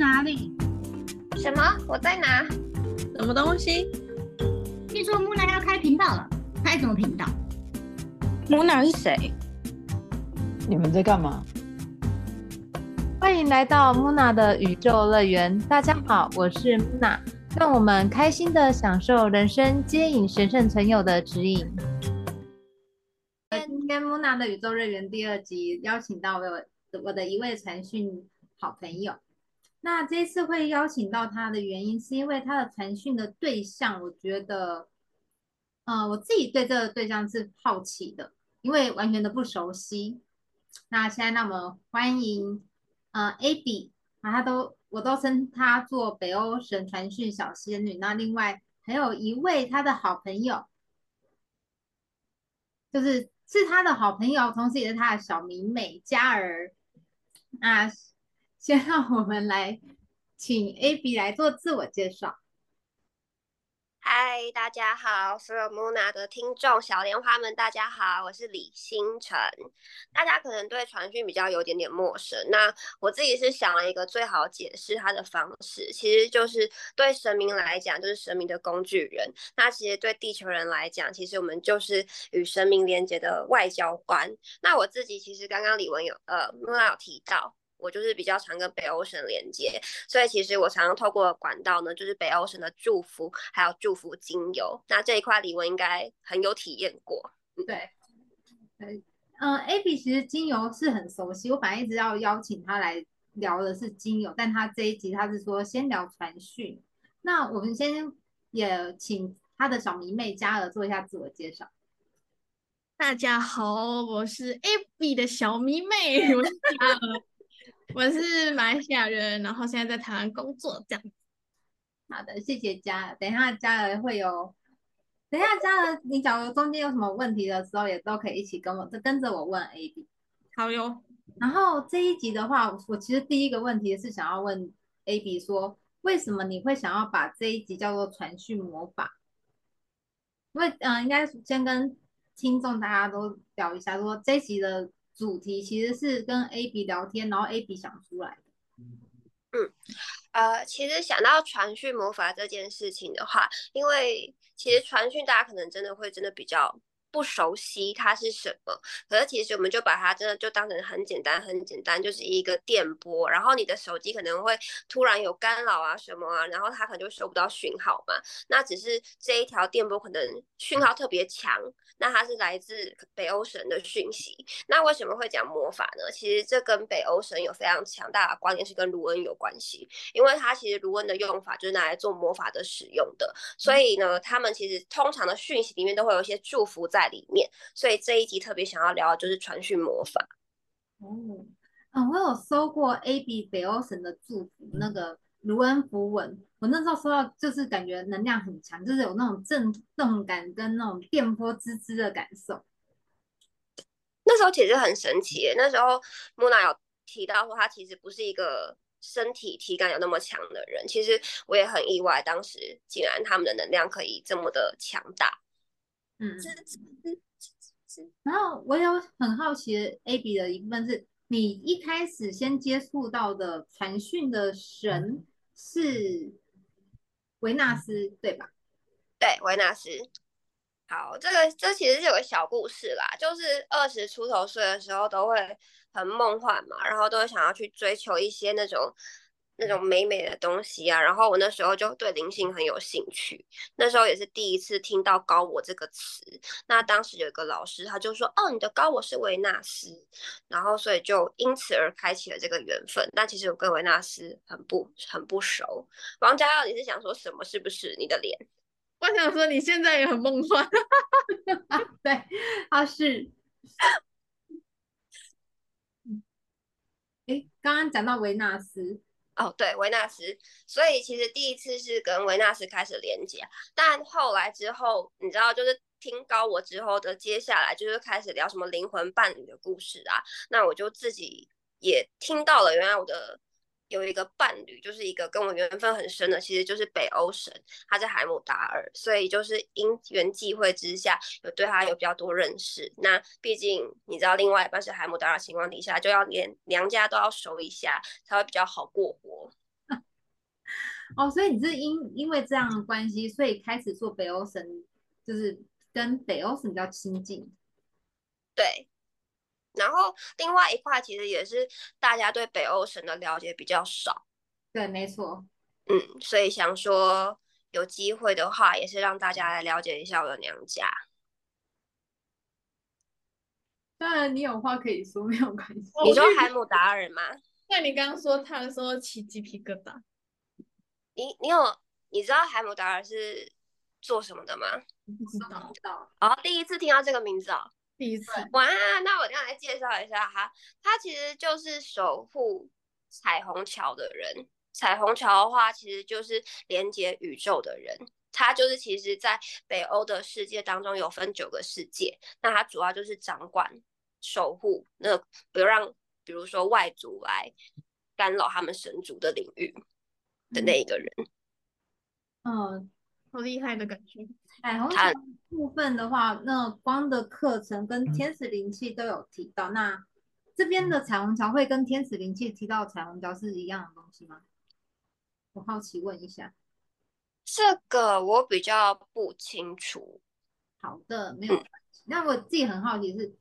哪裡？什麼？我在哪？什麼東西？聽說木納要開頻道了，開什麼頻道？木納是誰？你們在幹嘛？歡迎來到木納的宇宙樂園，大家好，我是木納，讓我們開心的享受人生，接引神聖存有的指引。今天木納的宇宙樂園第二集，邀請到了我，我的一位傳訊好朋友。那這次會邀請到他的原因，是因為他的傳訊的對象，我覺得，呃，我自己對這個對象是好奇的，因為完全的不熟悉。那現在，那麼歡迎，呃 Abby 啊，他都我都稱他做北歐神傳訊小仙女。那另外，還有一位他的好朋友，就是是他的好朋友，同時也是他的小迷妹嘉兒啊。先讓我們來請 AB 來做自我介紹。嗨，大家好，所有莫娜的聽眾小蓮花們，大家好，我是李星辰。大家可能對傳訊比較有點點陌生，那我自己是想了一個最好解釋它的方式，其實就是對神明來講，就是神明的工具人。那其實對地球人來講，其實我們就是與神明連接的外交官。那我自己其實剛剛李文有呃莫娜有提到，我就是比較常跟北歐神連接，所以其實我常常透過管道呢，就是北歐神的祝福，還有祝福精油。那這一塊李文應該很有體驗過，對，嗯，Abby 其實精油是很熟悉，我反正一直要邀請她來聊的是精油，但她這一集她是說先聊傳訊。那我們先也請她的小迷妹嘉兒做一下自我介紹。大家好，我是 Abby 的小迷妹，我是嘉兒。 我是馬來西亞人，然後現在在台灣工作這樣子。好的，謝謝佳。等一下佳人會有，等一下佳人你假如中間有什麼問題的時候，也都可以一起跟我，就跟着我問 A B。好喲。然後這一集的話，我其實第一個問題是想要問 A B 說，為什麼你會想要把這一集叫做傳訊魔法？因為嗯，應該先跟聽眾大家都聊一下說，說這一集的。主題其實是跟 AB 聊天，然後 AB 想出來的。嗯，呃，其實想到傳訊魔法這件事情的話，因為其實傳訊大家可能真的會真的比較。不熟悉它是什麼，可是其實我們就把它真的就當成很簡單很簡單，就是一個電波。然後你的手機可能會突然有干擾啊什麼啊，然後它可能就收不到訊號嘛。那只是這一條電波可能訊號特別強，嗯，那它是來自北歐神的訊息。那為什麼會講魔法呢？其實這跟北歐神有非常強大的關聯，是跟盧恩有關係，因為它其實盧恩的用法就是拿來做魔法的使用的。所以呢，他們其實通常的訊息裡面都會有一些祝福在。在裡面，所以這一集特別想要聊的就是傳訊魔法。哦，嗯，我有收過 Abby 北歐神的祝福，那個盧恩符文。我那時候收到，就是感覺能量很強，就是有那種震動感跟那種電波滋滋的感受。那時候其實很神奇欸。那時候木娜有提到過他其實不是一個身體體感有那麼強的人。其實我也很意外，當時竟然他們的能量可以這麼的強大。嗯，是是是，然後我有很好奇，AB 的一部分是你一開始先接觸到的傳訊的神是維納斯，對吧？對，維納斯。好，這個這其實是有個小故事啦，就是二十出頭歲的時候都會很夢幻嘛，然後都會想要去追求一些那種。那種美美的東西啊，然後我那時候就對靈性很有興趣。那時候也是第一次聽到高我這個詞。那當時有一個老師，他就說：“哦，你的高我是維納斯。”然後所以就因此而開啟了這個緣分。但其實我跟維納斯很不很不熟。王佳到底是想說什麼？是不是你的臉？我想說你現在也很夢幻。 對，他、啊、是。哎， 剛剛講到維納斯。哦，對，維納斯，所以其實第一次是跟維納斯開始連接，但後來之後，你知道，就是聽高我之後的接下來，就是開始聊什麼靈魂伴侶的故事啊，那我就自己也聽到了，原來我的。有一個伴侶，就是一個跟我緣分很深的，其實就是北歐神，他在海姆達爾，所以就是因緣際會之下，有對他有比較多認識。那畢竟你知道，另外一半是海姆達爾情況底下，就要連娘家都要熟一下，才會比較好過活。 哦，所以你是因因為這樣的關係，所以開始做北歐神，就是跟北歐神比較親近。對。然後另外一塊其實也是大家對北歐神的了解比較少，對，沒錯，嗯，所以想說有機會的話，也是讓大家來了解一下我的娘家。當然，你有話可以說，沒有關係。你說海姆達爾嗎？那 你剛剛說他說起雞皮疙瘩。你你有你知道海姆達爾是做什麼的嗎？不知道。不知道。第一次聽到這個名字啊、哦。哇，那我再來介紹一下哈，他其實就是守護彩虹橋的人。彩虹橋的話，其實就是連接宇宙的人。他就是其實在北歐的世界當中有分九個世界，那他主要就是掌管、守護、那個，那不讓比如說外族來干擾他們神族的領域的那一個人。嗯、哦，好厲害的感覺。彩虹橋部分的話，那光的課程跟天使靈氣都有提到。那這邊的彩虹橋會跟天使靈氣提到的彩虹橋是一樣的東西嗎？我好奇問一下。這個我比較不清楚。好的，沒有關係。那我自己很好奇是。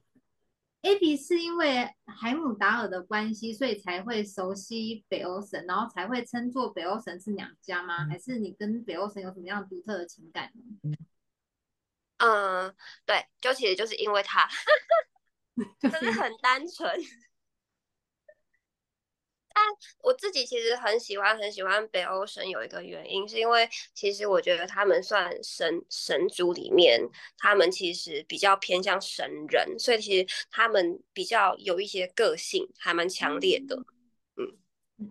A P 是因為海姆達爾的關係，所以才會熟悉北歐神，然後才會稱作北歐神是娘家嗎？嗯，還是你跟北歐神有什麼樣獨特的情感？嗯、呃，對，就其實就是因為他，真 的很單純。 哎，我自己其實很喜歡很喜歡北歐神，有一個原因是因為其實我覺得他們算神神族裡面，他們其實比較偏向神人，所以其實他們比較有一些個性，還蠻強烈的。嗯。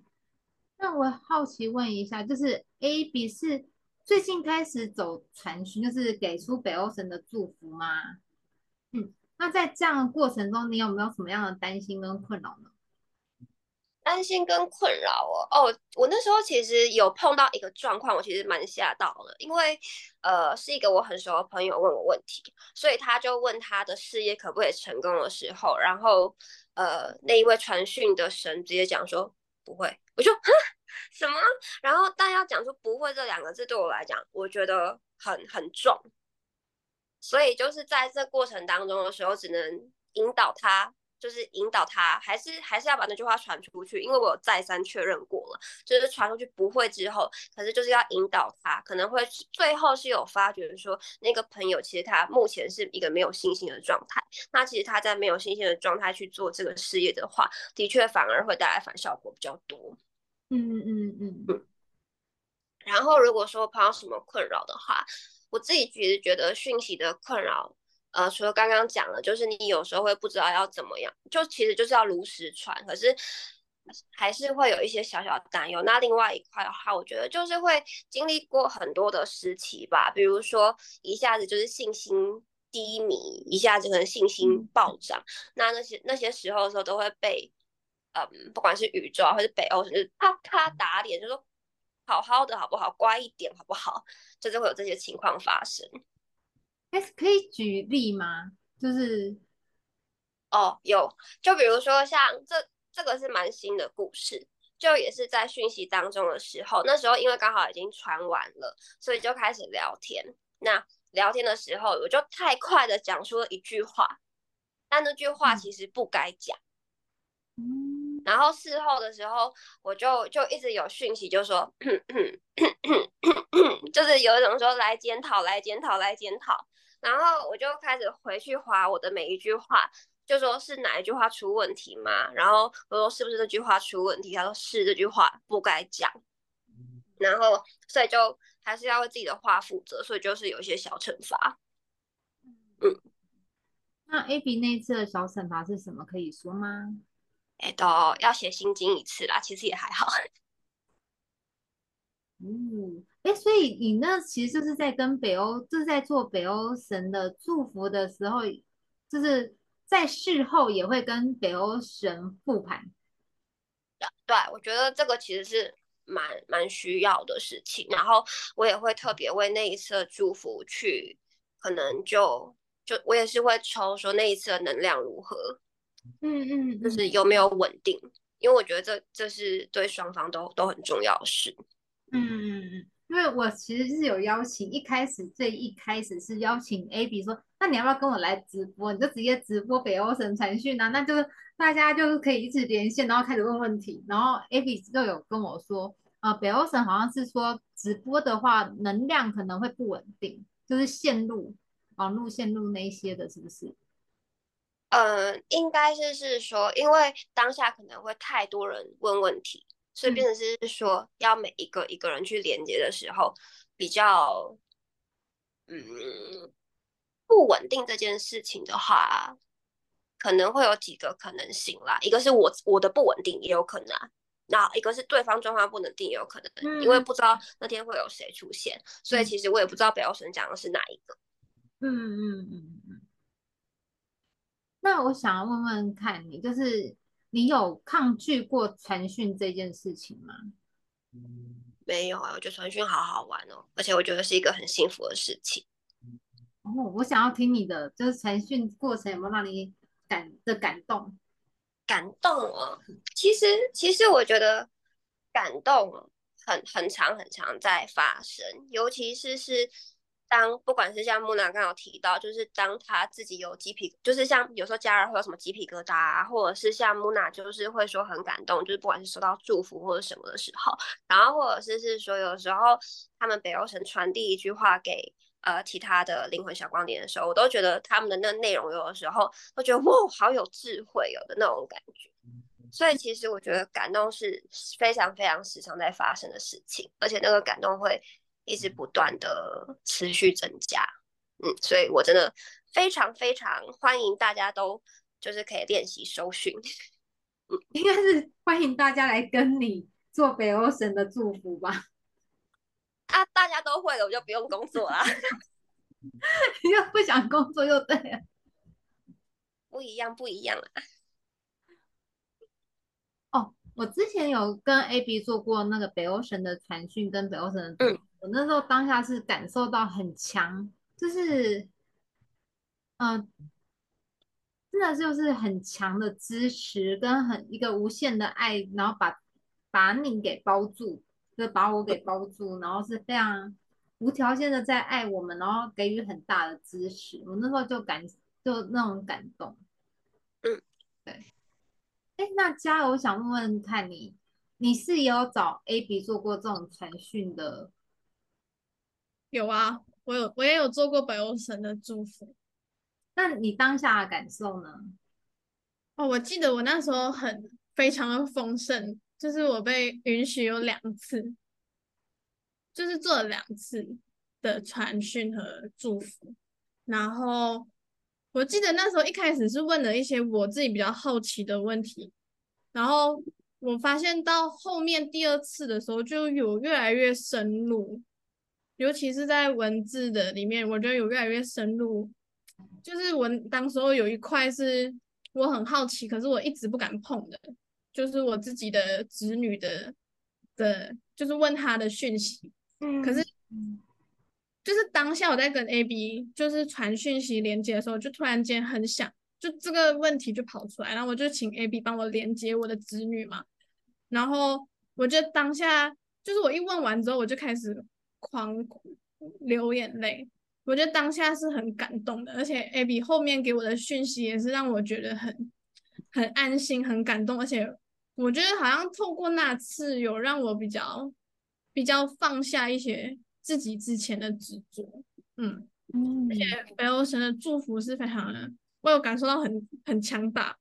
那、嗯、我好奇問一下，就是 A B 是最近開始走傳訊，就是給出北歐神的祝福嗎？嗯。那在這樣的過程中，你有沒有什麼樣的擔心跟困擾呢？擔心跟困擾哦，哦、oh,，我那時候其實有碰到一個狀況，我其實蠻嚇到的，因為呃是一個我很熟的朋友問我問題，所以他就問他的事業可不可以成功的時候，然後呃那一位傳訊的神直接講說不會，我就哈什麼，然後但要講出不會這兩個字對我來講，我覺得很很重，所以就是在這過程當中的時候，只能引導他。就是引導他，還是還是要把那句話傳出去，因為我有再三確認過了，就是傳出去不會之後，可是就是要引導他，可能會最後是有發覺說那個朋友其實他目前是一個沒有信心的狀態，那其實他在沒有信心的狀態去做這個事業的話，的確反而會帶來反效果比較多。嗯嗯嗯嗯。然後如果說碰到什麼困擾的話，我自己其實覺得訊息的困擾。呃，除了剛剛講的，就是你有時候會不知道要怎麼樣，就其實就是要如實傳，可是還是會有一些小小擔憂。那另外一塊的話，我覺得就是會經歷過很多的時期吧，比如說一下子就是信心低迷，一下子可能信心暴漲，嗯、那那些那些時候的時候都會被，嗯、呃，不管是宇宙啊，或是北歐，就是啪啪打臉，就是、說好好的好不好，乖一點好不好，就是會有這些情況發生。是可以舉例嗎？就是哦，有、oh, 就比如說像這這個是蠻新的故事，就也是在訊息當中的時候，那時候因為剛好已經傳完了，所以就開始聊天。那聊天的時候，我就太快的講出了一句話，但那句話其實不該講。Mm-hmm. 然後事後的時候，我就就一直有訊息，就說 就是有一種說來檢討，來檢討，來檢討。然後我就開始回去劃我的每一句話，就說是哪一句話出問題嘛。然後我說是不是這句話出問題？他說是這句話不該講。然後所以就還是要為自己的話負責，所以就是有一些小懲罰。嗯，那 AB 那次的小懲罰是什麼？可以說嗎？哎，都要寫心經一次啦。其實也還好。嗯。哎、欸，所以你那其實就是在跟北歐就是在做北歐神的祝福的時候，就是在事後也會跟北歐神復盤。對，我覺得這個其實是蠻蠻需要的事情。然後我也會特別為那一次的祝福去，可能就就我也是會抽說那一次的能量如何，嗯嗯，嗯，就是有沒有穩定，因為我覺得這這是對雙方都都很重要的事。嗯嗯嗯。因為我其實是有邀請，一開始最一開始是邀請 A B 說，那你要不要跟我來直播？你就直接直播北歐神傳訊啊，那就大家就是可以一直連線，然後開始問問題。然後 A B 都有跟我說，呃，北歐神好像是說直播的話，能量可能會不穩定，就是線路、網絡、線路那些的，是不是？呃，應該是是說，因為當下可能會太多人問問題。所以變成是說、嗯，要每一個一個人去連接的時候，比較，嗯，不穩定這件事情的話，可能會有幾個可能性啦。一個是我我的不穩定也有可能，啊，那一個是對方狀況不穩定也有可能，啊嗯，因為不知道那天會有誰出現，嗯，所以其實我也不知道北歐神講的是哪一個。嗯嗯嗯嗯。那我想要問問看你，就是。你有抗拒過傳訊這件事情嗎？沒有啊，我覺得傳訊好好玩哦，而且我覺得是一個很幸福的事情。哦，我想要聽你的，就是傳訊過程有沒有讓你感的感動？感動哦，啊，其實，其實我覺得感動很很常很常在發生，尤其是是。當不管是像木娜剛剛有提到，就是當他自己有雞皮，就是像有時候家人會有什麼雞皮疙瘩啊，或者是像木娜就是會說很感動，就是不管是收到祝福或者什麼的時候，然後或者是是說有時候他們北歐神傳遞一句話給呃其他的靈魂小光點的時候，我都覺得他們的那個內容有的時候，都覺得哇好有智慧有、哦、的那種感覺，所以其實我覺得感動是非常非常時常在發生的事情，而且那個感動會。一直不斷的持續增加，嗯，所以我真的非常非常歡迎大家都就是可以練習收訊。嗯，應該是歡迎大家來跟你做北歐神的祝福吧。啊，大家都會了，我就不用工作啊， 又不想工作又對。不一樣，不一樣啊。哦，我之前有跟 AB 做過那個北歐神的傳訊跟北歐神的嗯。我那時候當下是感受到很強，就是，嗯、呃，真的就是很強的支持跟很一個無限的愛，然後把把你給包住，就是、把我給包住，然後是非常無條件的在愛我們，然後給予很大的支持。我那時候就感就那種感動，嗯，對。哎、欸，那嘉，我想問問看你，你是有找 A B 做過這種傳訊的？有啊，我有，我也有做過北歐神的祝福。那你當下的感受呢？哦，我記得我那時候很非常的豐盛，就是我被允許有兩次，就是做了兩次的傳訊和祝福。然後我記得那時候一開始是問了一些我自己比較好奇的問題，然後我發現到後面第二次的時候就有越來越深入。尤其是在文字的裡面，我覺得有越來越深入。就是我當時候有一塊是我很好奇，可是我一直不敢碰的，就是我自己的子女的、的，就是問她的訊息。嗯，可是，就是當下我在跟 AB 就是傳訊息連接的時候，就突然間很想，就這個問題就跑出來，然後我就請 AB 幫我連接我的子女嘛。然後我覺得當下就是我一問完之後，我就開始。狂流眼淚，我覺得當下是很感動的，而且 Abby、欸、後面給我的訊息也是讓我覺得很很安心、很感動，而且我覺得好像透過那次有讓我比較比較放下一些自己之前的執着，嗯，嗯，而且白羅神的祝福是非常的，我有感受到很很強大，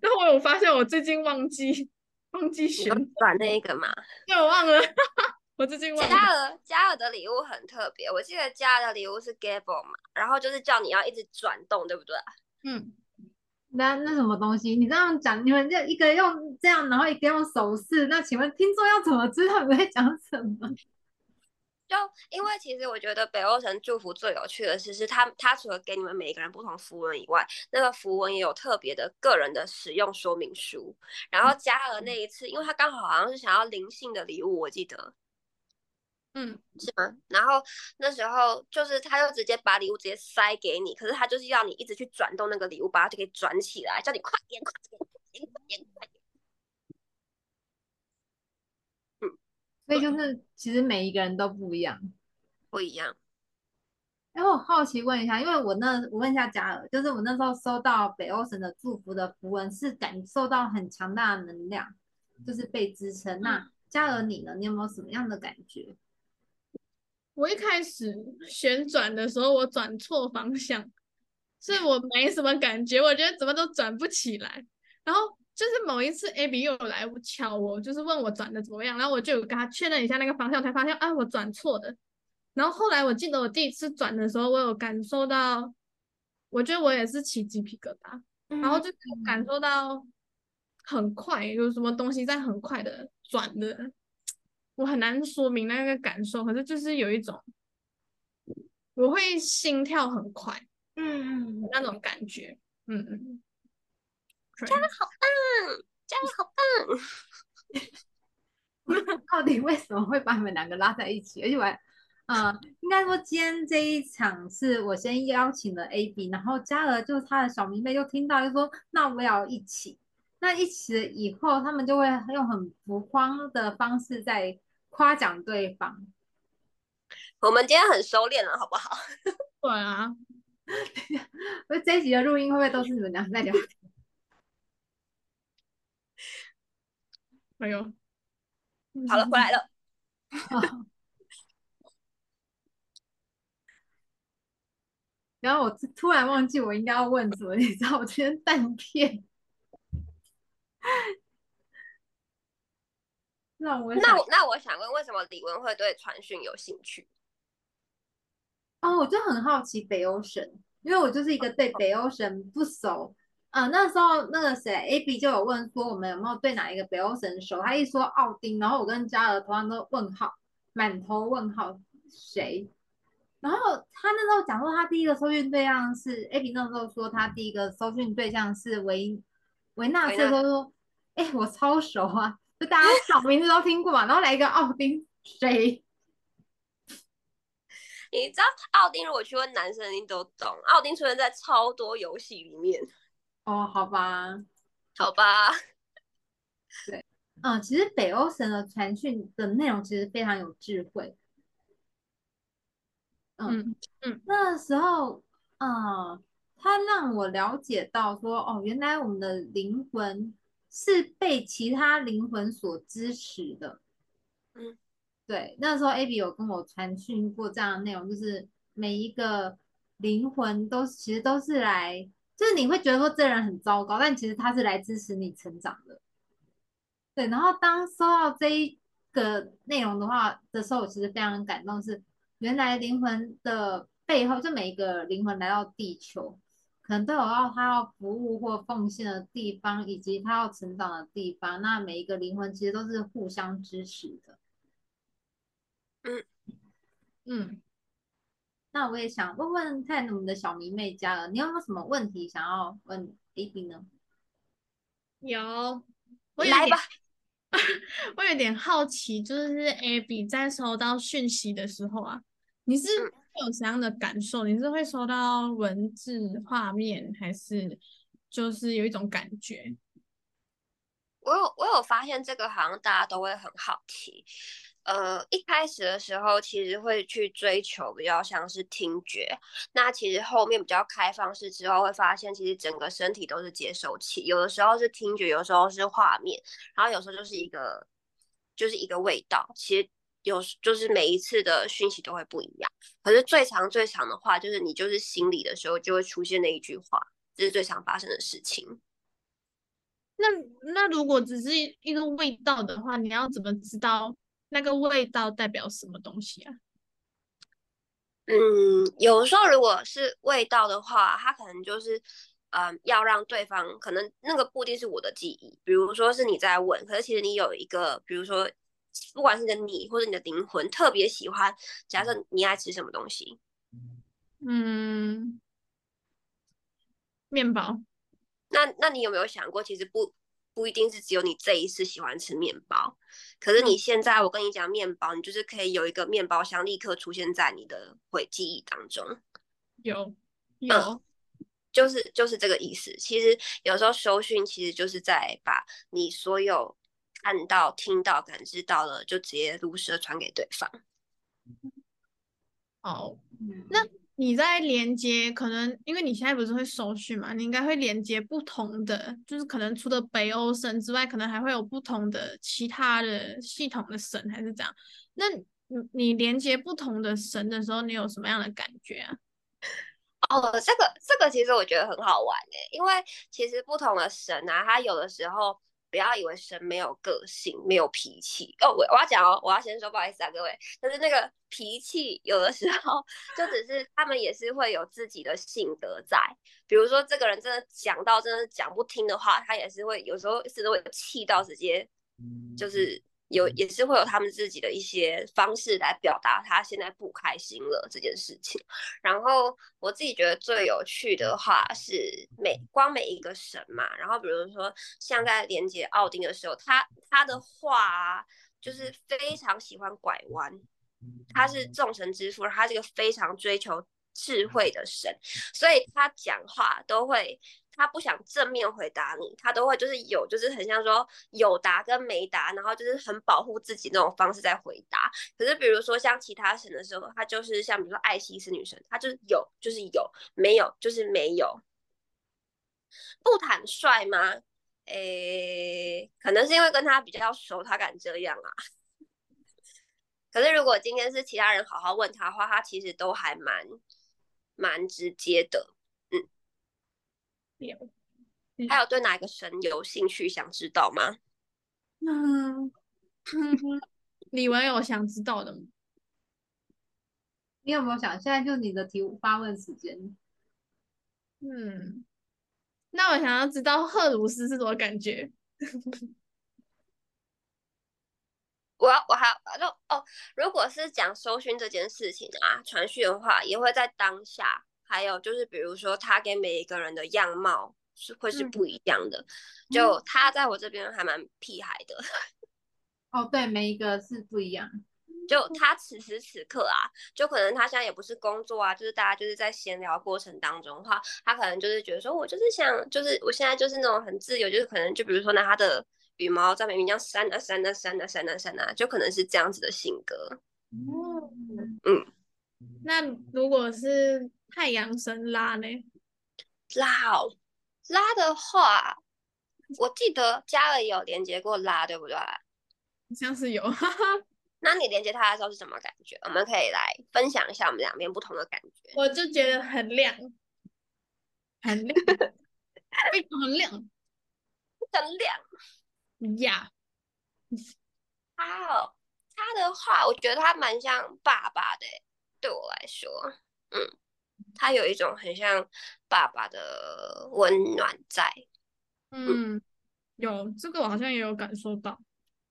然 後我有發現我最近忘記忘記選轉那一個嘛，因為我忘了。 加爾加爾的禮物很特別，我記得加爾的禮物是 gavel 嘛，然後就是叫你要一直轉動，對不對？嗯。那那什麼東西？你這樣講，你們就一個用這樣，然後一個用手勢。那請問聽眾要怎麼知道你們在講什麼？就因為其實我覺得北歐神祝福最有趣的是，是他他除了給你們每個人不同符文以外，那個符文也有特別的個人的使用說明書。然後加爾那一次，嗯、因為他剛好好像是想要靈性的禮物，我記得。嗯，是嗎？然後那時候就是，他就直接把禮物直接塞給你，可是他就是要你一直去轉動那個禮物把，它就可以轉起來，叫你快點，快點，快點，快點。嗯，所以就是其實每一個人都不一樣，不一樣。哎，欸，我好奇問一下，因為我那我問一下嘉爾，就是我那時候收到北歐神的祝福的符文，是感受到很強大的能量，就是被支撐。那嘉爾你呢？你有沒有什麼樣的感覺？我一開始旋轉的時候，我轉錯方向，所以我沒什麼感覺。我覺得怎麼都轉不起來。然後就是某一次，Ab 又來我敲我，就是問我轉的怎麼樣，然後我就有跟他確認一下那個方向，才發現啊、哎，我轉錯的。然後後來我記得我第一次轉的時候，我有感受到，我覺得我也是起雞皮疙瘩，然後就感受到很快有、就是、什麼東西在很快的轉的。我很難說明那個感受，可是就是有一種，我會心跳很快，嗯嗯，那種感覺，嗯嗯嗯。嘉禾好棒，嘉禾好棒。 到底為什麼會把你們兩個拉在一起？而且我，呃，應該說今天這一場是我先邀請了 A B， 然後嘉禾就是他的小迷妹，就聽到就說，那我們要一起，那一起以後，他們就會用很浮誇的方式在。誇獎對方，我們今天很收斂了，好不好？對啊，那這幾個錄音會不會都是你們的？那就沒有，好了，回來了。 然後我突然忘記我應該要問什麼，你知道我今天半天。那我那我那我想問，為什麼李文會對傳訊有興趣？哦，我就很好奇北歐神，因為我就是一個對北歐神不熟。嗯、哦呃，那時候那個誰 AB 就有問說我們有沒有對哪一個北歐神熟？他一說奧丁，然後我跟嘉兒同樣都問號，滿頭問號，誰？然後他那時候講說他第一個搜尋對象是 AB，那時候說他第一個搜尋對象是維維納斯，他說：“哎、欸，我超熟啊。”就大家小名字都聽過嘛，然後來一個奧丁，誰？你知道奧丁？如果去問男生，你都懂。奧丁出現在超多遊戲裡面。哦，好吧，好吧。對，嗯，其實北歐神的傳訊的內容其實非常有智慧。嗯嗯，那時候，嗯，他讓我了解到說，哦，原來我們的靈魂。是被其他靈魂所支持的，嗯，對。那時候 Abby 有跟我傳訊過這樣的內容，就是每一個靈魂都其實都是來，就是你會覺得說這人很糟糕，但其實他是來支持你成長的。對，然後當收到這一個內容的話的時候，我其實非常感動，是原來靈魂的背後，就每一個靈魂來到地球。可能都有他要服務或奉獻的地方，以及他要成長的地方。那每一個靈魂其實都是互相支持的。嗯，嗯，那我也想問問你們的小迷妹嘉兒，你有沒有什麼問題想要問 ABBY 呢？有，我有來吧。 我有點好奇，就是 ABBY 在收到訊息的時候啊，你是？嗯會有怎樣的感受？你是會收到文字、畫面，還是就是有一種感覺？我有，我有發現這個好像大家都會很好奇。呃，一開始的時候其實會去追求比較像是聽覺，那其實後面比較開放式之後會發現，其實整個身體都是接收器。有的時候是聽覺，有時候是畫面，然後有時候就是一個，就是一個味道。其實。有就是每一次的訊息都會不一樣，可是最常最常的話，就是你就是心裡的時候就會出現那一句話，這，就是最常發生的事情。那那如果只是一個味道的話，你要怎麼知道那個味道代表什麼東西啊？嗯，有時候如果是味道的話，它可能就是嗯，要讓對方可能那個不一定是我的記憶，比如說是你在問，可是其實你有一個，比如說。不管是你的你或者你的靈魂特別喜歡，假設你愛吃什麼東西，嗯，麵包。那那你有沒有想過，其實不不一定是只有你這一次喜歡吃麵包，可是你現在我跟你講麵包，你就是可以有一個麵包箱立刻出現在你的回憶當中。有，有，嗯，就是就是這個意思。其實有時候收訊其實就是在把你所有。看到、聽到、感知到了，就直接如實的傳給對方。哦、oh,，那你在連接，可能因為你現在不是會收訊嘛，你應該會連接不同的，就是可能除了北歐神之外，可能還會有不同的其他的系統的神，還是這樣。那你連接不同的神的時候，你有什麼樣的感覺啊？哦、oh,，這個這個其實我覺得很好玩誒、欸，因為其實不同的神啊，他有的時候。不要以為神沒有個性、沒有脾氣哦！Oh，我我要講哦，我要先說，不好意思啊，各位，就是那個脾氣，有的時候就只是他們也是會有自己的性格在。 比如說，這個人真的講到真的講不聽的話，他也是會有時候甚至會氣到直接， 就是。有也是會有他們自己的一些方式來表達他現在不開心了這件事情。然後我自己覺得最有趣的話是每光每一個神嘛，然後比如說像在連接奧丁的時候，他他的話啊，就是非常喜歡拐彎。他是眾神之父，他這個非常追求。智慧的神，所以他講話都會，他不想正面回答你，他都會就是有，就是很像說有答跟沒答，然後就是很保護自己那種方式在回答。可是比如說像其他神的時候，他就是像比如說愛西斯女神，他就是有就是有，沒有就是沒有，不坦率嗎？誒，可能是因為跟他比較熟，他敢這樣啊。可是如果今天是其他人好好問他的話，他其實都還蠻。蠻直接的，嗯，有，有，還有對哪一個神有興趣？想知道嗎？那、嗯，你還有想知道的嗎？你有沒有想？現在就你的提發問時間，嗯，那我想要知道赫魯斯是什麼感覺。 我要，我還就哦，如果是講搜尋這件事情啊，傳訊的話，也會在當下。還有就是，比如說他給每一個人的樣貌是會是不一樣的。嗯，就他在我這邊還蠻屁孩的。哦，對，每一個是不一樣。 就他此時此刻啊，就可能他現在也不是工作啊，就是大家就是在閒聊過程當中的話，他可能就是覺得說我就是想，就是我現在就是那種很自由，就是可能就比如說拿他的。羽毛在明明這樣扇啊扇啊扇啊扇啊扇啊，啊、就可能是這樣子的性格嗯。嗯，那如果是太陽神拉呢？拉哦，拉的話，我記得加爾有連接過拉，對不對？像是有。 那你連接它的時候是什麼感覺？我們可以來分享一下我們兩邊不同的感覺。我就覺得很亮，很亮，非常的亮，很亮。Yeah，他、oh, 他的話，我覺得他蠻像爸爸的，對我來說，嗯，他有一種很像爸爸的溫暖在。嗯，嗯有這個我好像也有感受到，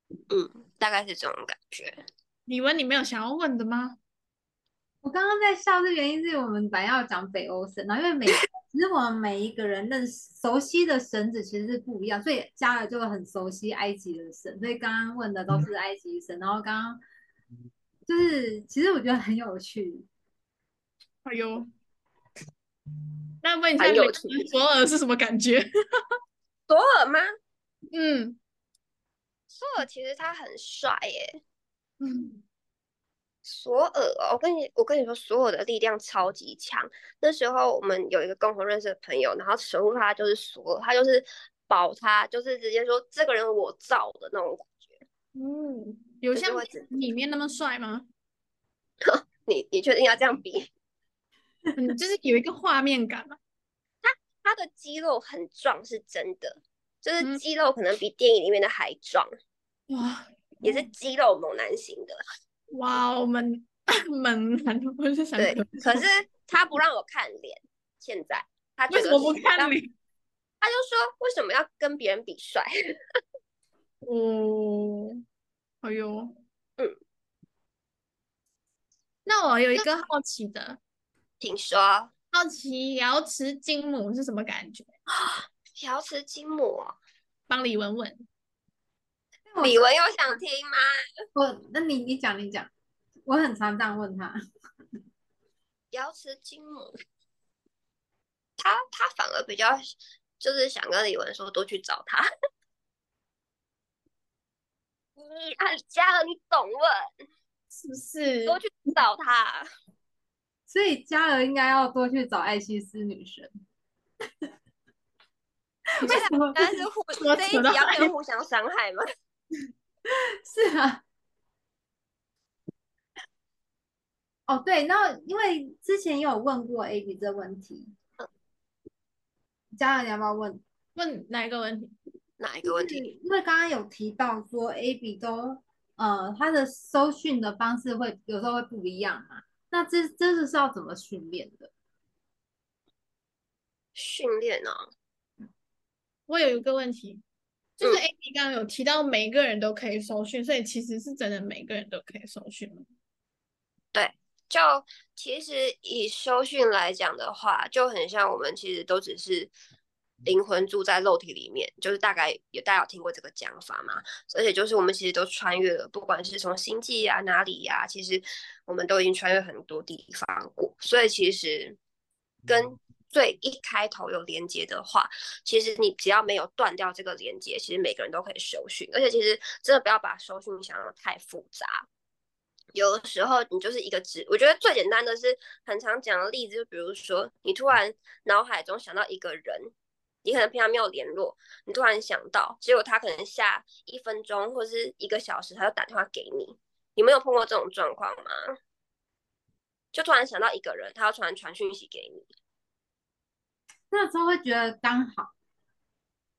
嗯，大概是這種感覺。你們你沒有想要問的嗎？我剛剛在笑的原因是因為我們本來要講北歐神，然後因為沒。 其實我們每一個人認識熟悉的神子其實是不一樣，所以加了就很熟悉埃及的神，所以剛剛問的都是埃及神。然後剛剛就是其實我覺得很有趣，哎呦，那問一下你跟索爾是什麼感覺？索爾嗎？嗯，索爾其實他很帥耶、欸，嗯。索爾，我跟你我跟你說，索爾的力量超級強。那時候我們有一個共同認識的朋友，然後守護他就是索爾，他就是保他，就是直接說這個人我造的那種感覺。嗯，有像裡面那麼帥嗎？呵你你確定要這樣比？嗯， 就是有一個畫面感。他他的肌肉很壯，是真的，就是肌肉可能比電影裡面的還壯。哇、嗯，也是肌肉猛男型的。哇、wow,，我們門反同，我是男，對，可是他不讓我看臉， 現在他是為什麼不看臉？他就說為什麼要跟別人比帥？ 哦，哎呦，嗯，那我有一個好奇的，請說。好奇瑤池金母是什麼感覺啊？瑤池金母，幫李文文，李文有想聽嗎？我，那你你講你講，我很常這樣問他。瑤池金母，他他反而比較就是想跟李文說多去找他。你啊，嘉禾你懂問是不是？是不是多去找他，所以嘉禾應該要多去找艾西斯女神。為什麼？但是互這一集要跟互相傷害嗎？ 是啊，哦、oh, 對，那因為之前也有問過 AB 這問題，家、嗯、人要不要問？問哪一個問題？哪一個問題？就是、因為剛剛有提到說 AB 都呃，他的收訊的方式會有時候會不一樣嘛，那這這是是要怎麼訓練的？訓練哦？我有一個問題。就是 A B 剛剛有提到，每個人都可以收訊，所以其實是真的每個人都可以收訊、嗯。對，就其實以收訊來講的話，就很像我們其實都只是靈魂住在肉體裡面，就是大概有大家有聽過這個講法嘛。而且就是我們其實都穿越了，不管是從星際呀、啊、哪裡呀、啊，其實我們都已經穿越很多地方過，所以其實跟、嗯最一開頭有連接的話，其實你只要沒有斷掉這個連接，其實每個人都可以收訊。而且其實真的不要把收訊想得太複雜，有的時候你就是一個字。我覺得最簡單的是很常講的例子，就比如說你突然腦海中想到一個人，你可能平常沒有聯絡，你突然想到，結果他可能下一分鐘或者是一個小時，他就打電話給你。你沒有碰過這種狀況嗎？就突然想到一個人，他要傳傳訊息給你。那時候會覺得剛好，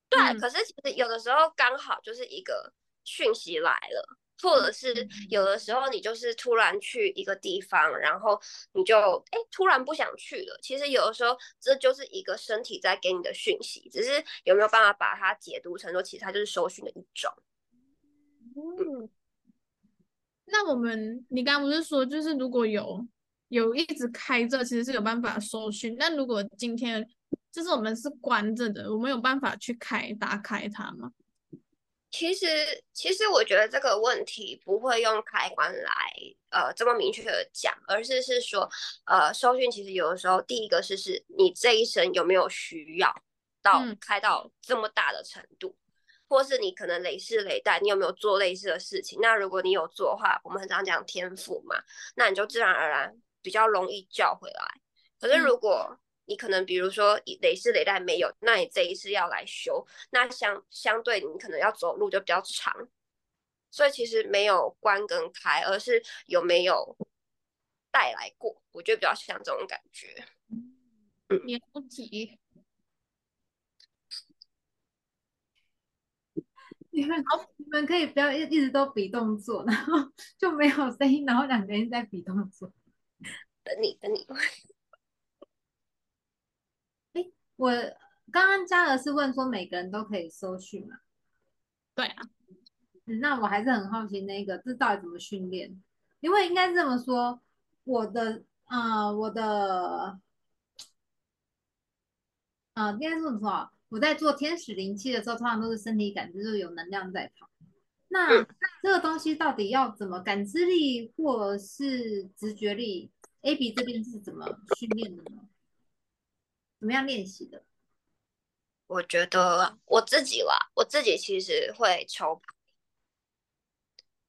對、嗯。可是其實有的時候剛好就是一個訊息來了、嗯，或者是有的時候你就是突然去一個地方，然後你就哎、欸、突然不想去了。其實有的時候這就是一個身體在給你的訊息，只是有沒有辦法把它解讀成說其實它就是收訊的一種。嗯，嗯，那我們你剛剛不是說就是如果有有一直開着，其實是有辦法收訊。那如果今天。就是我們是關着的，我們有辦法去開打開它嗎？其實，其實我覺得這個問題不會用開關來，呃，這麼明確的講，而是是說，呃，收訊其實有的時候第一個是是，你這一生有沒有需要到、嗯、開到這麼大的程度，或是你可能累世累代，你有沒有做類似的事情？那如果你有做的話，我們很常講天賦嘛，那你就自然而然比較容易叫回來。可是如果、嗯你可能比如說，雷是雷帶沒有，那你這一次要來修，那相相對你可能要走路就比較長，所以其實沒有關跟開，而是有沒有帶來過，我覺得比較像這種感覺。嗯。別着急。你們好，你們可以不要一一直都比動作，然後就沒有聲音，然後兩個人在比動作。等你，等你。我剛剛加的是問說，每個人都可以收訊嘛？對啊、嗯，那我還是很好奇那個，這到底怎麼訓練？因為應該這麼說，我的，啊、呃、我的，呃、應該這麼說、啊？我在做天使靈氣的時候，通常都是身體感知，就是有能量在跑那。那這個東西到底要怎麼感知力，或是直覺力，Abby 這邊是怎麼訓練的呢？怎麼樣練習的？我覺得我自己啦、啊，我自己其實會抽牌，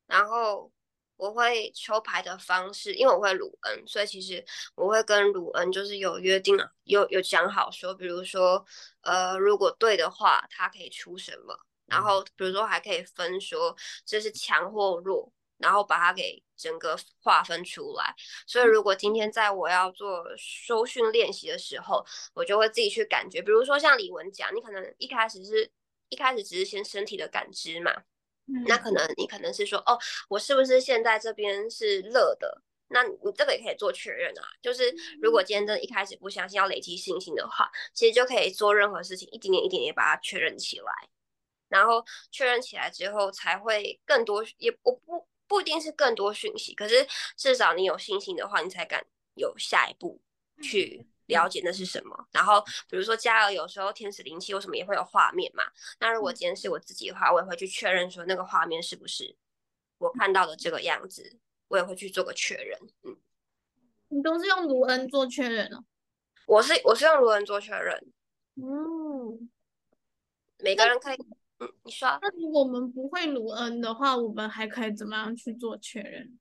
然後我會抽牌的方式，因為我會魯恩，所以其實我會跟魯恩就是有約定，有有講好說，比如說呃，如果對的話，它可以出什麼，然後比如說還可以分說，這是強或弱。然後把它給整個劃分出來，所以如果今天在我要做收訊練習的時候，我就會自己去感覺，比如說像李文講，你可能一開始是一開始只是先身體的感知嘛，嗯，那可能你可能是說，哦，我是不是現在這邊是熱的？那你這個也可以做確認啊，就是如果今天真的一開始不相信要累積信心的話，其實就可以做任何事情，一點點一點點把它確認起來，然後確認起來之後才會更多，也我不。不一定是更多訊息，可是至少你有信心的話，你才敢有下一步去了解那是什麼。嗯，然後，比如說加爾有時候天使靈氣有什麼也會有畫面嘛。那如果今天是我自己的話，我也會去確認說那個畫面是不是我看到的這個樣子，我也會去做個確認。嗯，你都是用盧恩做確認哦、啊？我是我是用盧恩做確認。嗯，每個人可以。嗯、你說，那如果我們不會盧恩的話，我們還可以怎麼樣去做確認？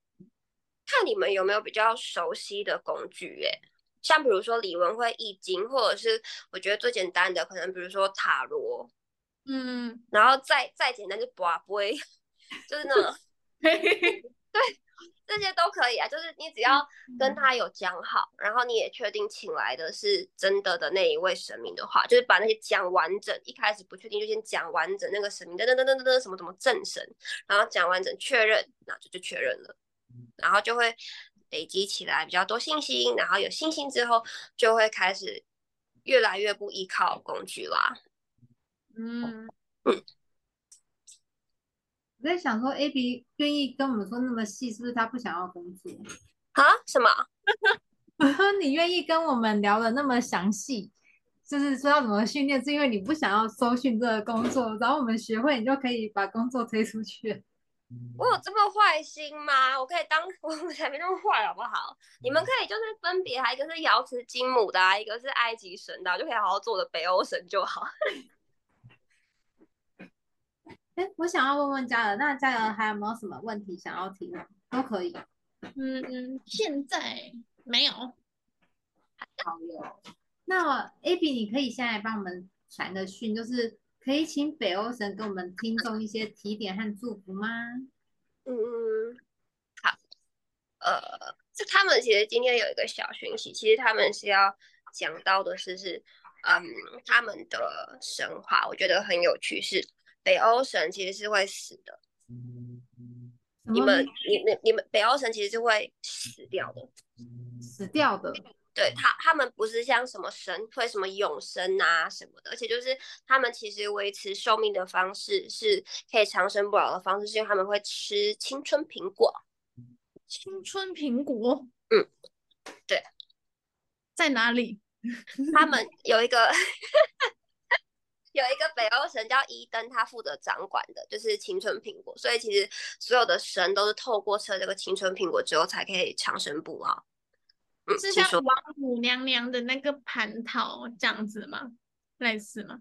看你們有沒有比較熟悉的工具，欸,哎,像比如說李文輝易經，或者是我覺得最簡單的，可能比如說塔羅，嗯，然後再再簡單就跋杯,就是那種，對。這些都可以啊，就是你只要跟他有講好，然後你也確定請來的是真的的那一位神明的話，就是把那些講完整，一開始不確定就先講完整那個神明，噔噔噔噔噔什麼什麼正神，然後講完整確認，那就就確認了，然後就會累積起來比較多信心，然後有信心之後就會開始越來越不依靠工具啦，嗯。 我在想說，A B 願意跟我們說那麼細，是不是他不想要工作？啊、huh?？什麼？ 你願意跟我們聊得那麼詳細，就是說要怎麼訓練，是因為你不想要收訓這個工作，然後我們學會，你就可以把工作推出去。我有這麼壞心嗎？我可以當我們才沒那麼壞，好不好？你們可以就是分別，還一個是瑤池金母的，啊，一個是埃及神的，啊，就可以好好做我的北歐神就好。 哎，我想要問問嘉兒，那嘉兒還有沒有什麼問題想要提問？都可以。嗯嗯，現在沒有。好喲。那 Abby 你可以現在幫我們傳個訊，就是可以請北歐神給我們聽眾一些提點和祝福嗎？嗯嗯，好。呃，就他們其實今天有一個小訊息，其實他們是要講到的是是，嗯，他們的神話，我覺得很有趣，是。北歐神其實是會死的，你們你你你們，你們，你們北歐神其實是會死掉的，死掉的，對他他們不是像什麼神會什麼永生啊什麼的，而且就是他們其實維持壽命的方式是可以長生不老的方式，是因為他們會吃青春蘋果。青春蘋果，嗯，對，在哪裡？他們有一個。有一個北歐神叫伊登，他負責掌管的就是青春蘋果，所以其實所有的神都是透過吃這個青春蘋果之後才可以長生不老啊，嗯。是像王母娘娘的那個蟠桃這樣子嗎？類似嗎？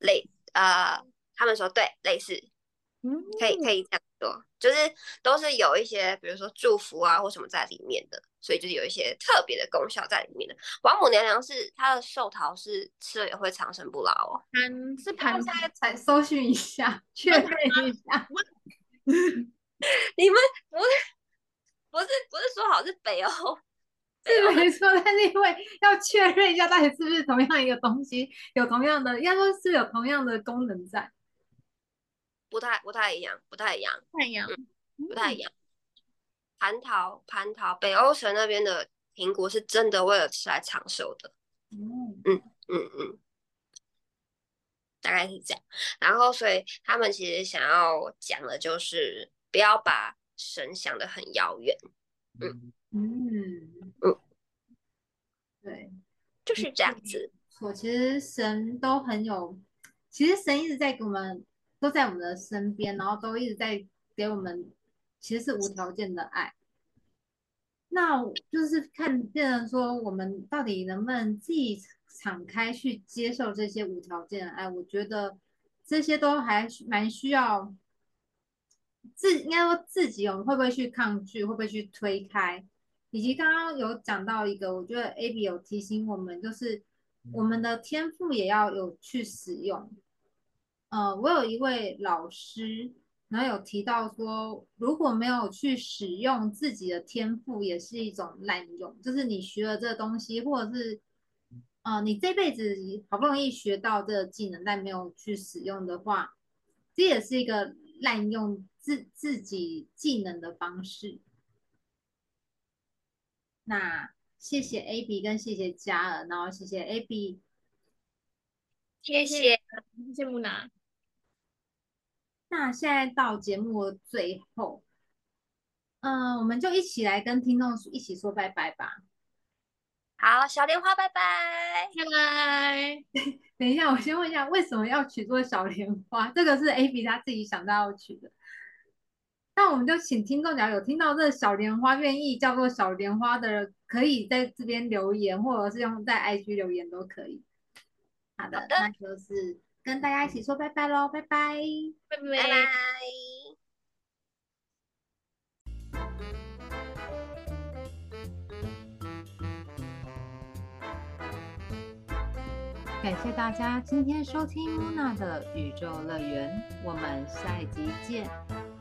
類，呃，他們說對，類似，嗯，可以可以這樣說，就是都是有一些比如說祝福啊或什麼在裡面的。所以就是有一些特別的功效在裡面的。王母娘娘是她的壽桃，是吃了也會長生不老哦。嗯，是盤下來才搜尋一下， 確認一下。 你們不是不是不是說好是北歐？是沒錯，但是因為要確認一下到底是不是同樣一個東西，有同樣的，要說是，是有同樣的功能在，不太不太一樣，不太一樣，不太一樣，太陽，嗯、不太一樣。嗯蟠桃，蟠桃，北歐神那邊的蘋果是真的為了吃來長壽的。嗯嗯嗯，嗯大概是這樣。然後，所以他們其實想要講的就是不要把神想得很遙遠。嗯嗯嗯，嗯，對，就是這樣子。我其實神都很有，其實神一直在給我們，都在我們的身邊，然後都一直在給我們。其實是無條件的愛，那就是看變成說我們到底能不能自己敞開去接受這些無條件的愛。我覺得這些都還蠻需要自，應該說自己哦，會不會去抗拒，會不會去推開？以及剛剛有講到一個，我覺得 Abby 有提醒我們，就是我們的天賦也要有去使用。呃，我有一位老師。然後有提到說，如果沒有去使用自己的天賦，也是一種濫用。就是你學了這東西，或者是，呃，你這輩子好不容易學到這個技能，但沒有去使用的話，這也是一個濫用自自己技能的方式。那謝謝 A B，跟謝謝佳兒，然後謝謝 A B，謝謝，謝謝木蘭。那現在到節目的最後，嗯，我們就一起來跟聽眾一起說拜拜吧。好，小蓮花拜拜，拜拜。等一下，我先問一下，為什麼要取做小蓮花？這個是 AB 他自己想到要取的。那我們就請聽眾，講，有聽到這小蓮花願意叫做小蓮花的人，可以在這邊留言，或者是用在 IG 留言都可以。好的，好的。那就是。跟大家一起說拜拜嘍！拜拜，拜拜拜拜！感謝大家今天收聽莫娜的宇宙樂園，我們下一集見。